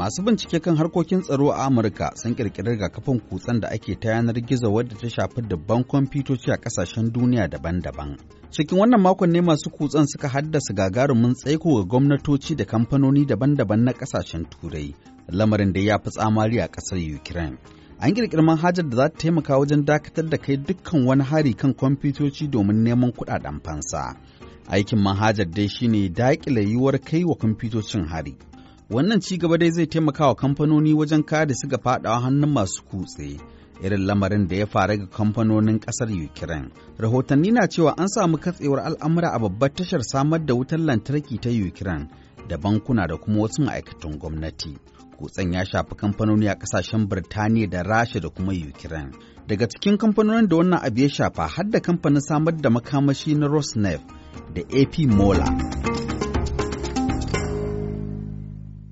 Masu bincike kan harkokin tsaro a Amurka sun ga rigakafin kutsen da ake ta yanar gizo wadda ta shafi dabban kwamfutoci a ƙasashen duniya daban-daban. Cikin wannan makon ne masu kutsen suka haddasa gagarumin tsaiko ga gwamnatoci da kamfanoni daban-daban na ƙasashen Turai, lamarin da ya fi tsamari a ƙasar Ukraine. An ƙirƙiri manhajar da za ta taimaka wajen dakatar da kai dukkan wani hari kan kwamfutoci domin neman kuɗaɗen fansa. Aikin manhajar dai shine daƙile yiwuwar kai wa kwamfutocin hari. Wannan ci gaba dai zai taimaka wa kamfanoni wajen kada da suka fadawa hannun masu kutse. irin lamarin da ya faru ga kamfanonin kasar Ukraine. Rahotanni na cewa an samu katsewar al'amura a babbar tashar samar da wutar lantarki ta Ukraine da bankuna da kuma wasu ma'aikatan gwamnati. Kutsen ya shafi kamfanoni a kasashen Birtaniya da Rasha da kuma Ukraine. Daga cikin kamfanonin da wannan abu ya shafa har da kamfanin samar da makamashi na Rosneft da AP Mola.